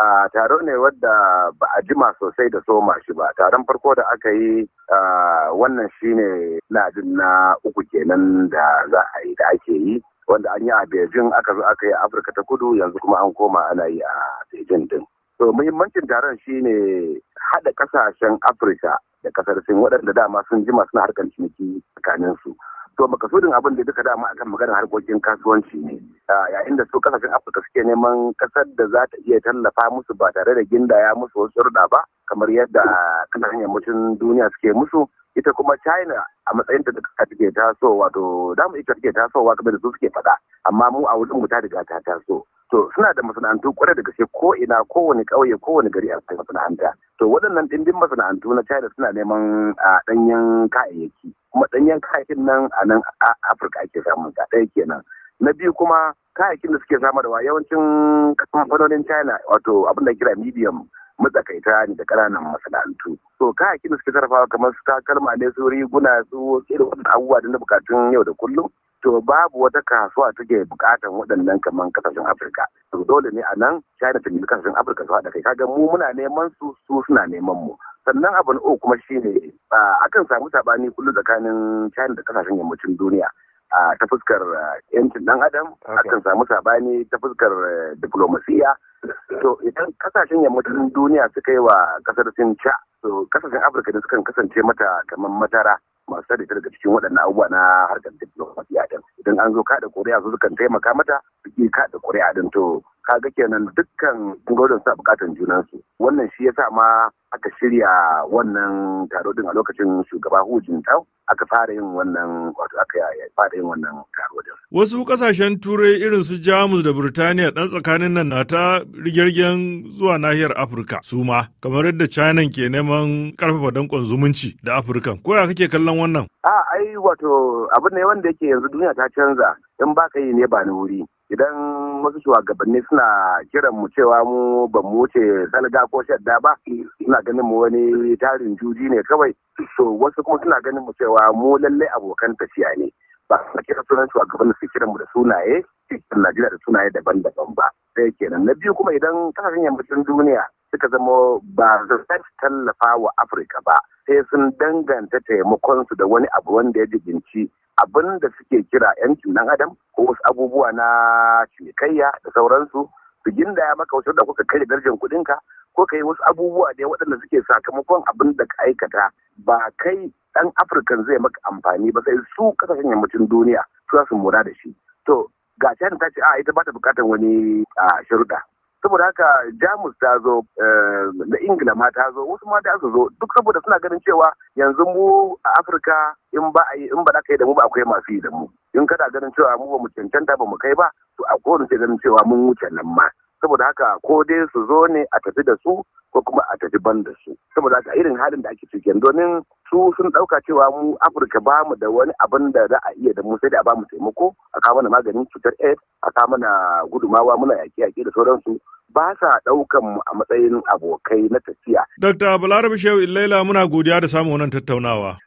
a taro ne wadda ba a jima sosai da soma shi ba taron farko da aka yi wannan shine ladin na uku kenan da za a yi da ake yi wanda an yi a Beijing aka zo aka yi a Afirka ta kudu yanzu kuma an koma ana yi a Beijing din. So muhimmancin taron shine haɗa kasashen Afirka da ƙasar Sin waɗanda dama sun jima suna harkar ciniki su to makasudin abin da duka dama akan maganar harkokin kasuwanci ne yayin da su kasashen afirka suke neman kasar da za ta iya tallafa musu ba tare da gindaya musu wasu sharuɗa ba kamar yadda kasashen yammacin duniya suke musu ita kuma china a matsayin da ta take taso wato damu ita take tasowa kamar da su suke faɗa amma mu a wurin mu ta riga ta taso to suna da masana'antu kwarai da gaske ko ina kowane ƙauye kowane gari a masana'anta to waɗannan dindin masana'antu na china suna neman ɗanyen kayayyaki kuma ɗanyen kayakin nan a nan afirka ake samun ga ɗaya kenan na biyu kuma kayakin da suke da yawancin kamfanonin china wato abin da kira medium matsakaita ne da ƙananan masana'antu to kayakin da suke sarrafawa kamar su takalma ne su riguna su irin waɗannan abubuwa da na bukatun yau da kullum to babu wata kasuwa take bukatan waɗannan kamar kasashen afirka to dole ne a nan china ta nemi kasashen afirka su haɗa kai kaga mu muna neman su su suna neman mu sannan abu na uku kuma shine akan samu sabani kullum tsakanin China da kasashen yammacin duniya ta fuskar yancin dan adam akan samu sabani ta fuskar e, diplomasiya to idan kasashen yammacin duniya suka yi wa kasar Sin ca to kasashen Afirka da sukan kasance mata kamar matara masu tare daga cikin waɗannan abubuwa na harkar diplomasiya ɗin idan an zo kada ƙuri'a su sukan taimaka mata suke kada kuri'a ɗin to kaga kenan dukkan bangarorin suna bukatan junan su wannan shi yasa ma aka shirya wannan taro ɗin a lokacin shugaba hujin Jintao aka fara yin wannan wato aka fara yin wannan taro ɗin. Wasu ƙasashen Turai irin su Jamus da Burtaniya dan tsakanin nan na ta rigirgen zuwa nahiyar Afirka su ma, kamar yadda China ke neman karfafa dankon zumunci da afirka Ko ya kake kallon wannan? A ai wato abin ne wanda yake yanzu duniya ta canza in ba ka yi ne ba ni wuri. idan wasu shugabanni suna kiran mu cewa mu ba mu wuce salga ko shadda ba suna ganin mu wani tarin juji ne kawai to wasu kuma suna ganin mu cewa mu lallai abokan tafiya ne ba su kira sunan shugaban da su kiran mu da sunaye cikin Najeriya da sunaye daban-daban ba sai kenan na biyu kuma idan kasashen yammacin duniya suka zama ba su tallafa wa Afirka ba sai sun danganta taimakonsu da wani abu wanda ya jiginci abin da suke kira yancin dan adam ko wasu abubuwa na cinikayya da sauransu su ya maka wasu da kuka kai darajar kuɗinka ko ka yi wasu abubuwa da waɗanda suke sakamakon abin da ka aikata ba kai ɗan afirkan zai maka amfani ba sai su kasashen yammacin duniya su za su mura da shi to ga china ta ce a ah, ita ba ta bukatar wani a sharuɗa saboda haka jamus ta zo eh, na ingila ma ta zo wasu ma da su zo duk saboda suna ganin cewa yanzu mu a afirka in ba a yi in ba da mu ba akwai masu yi da mu in kada ganin cewa mu ba mu cancanta ba mu kai ba to a kowane ganin cewa mun wuce nan ma saboda haka ko dai su zo ne a tafi da su ko kuma a tafi ban da su saboda haka irin halin da ake cikin domin su sun dauka cewa mu afirka ba mu da wani abin da za a iya da mu sai da ba mu taimako a ka mana maganin cutar aids a ka mana gudumawa muna yaki yaki da sauransu ba sa ɗaukan mu a matsayin abokai na tafiya. Dr. Balarabe Shehu Illaila muna godiya da samun wannan tattaunawa.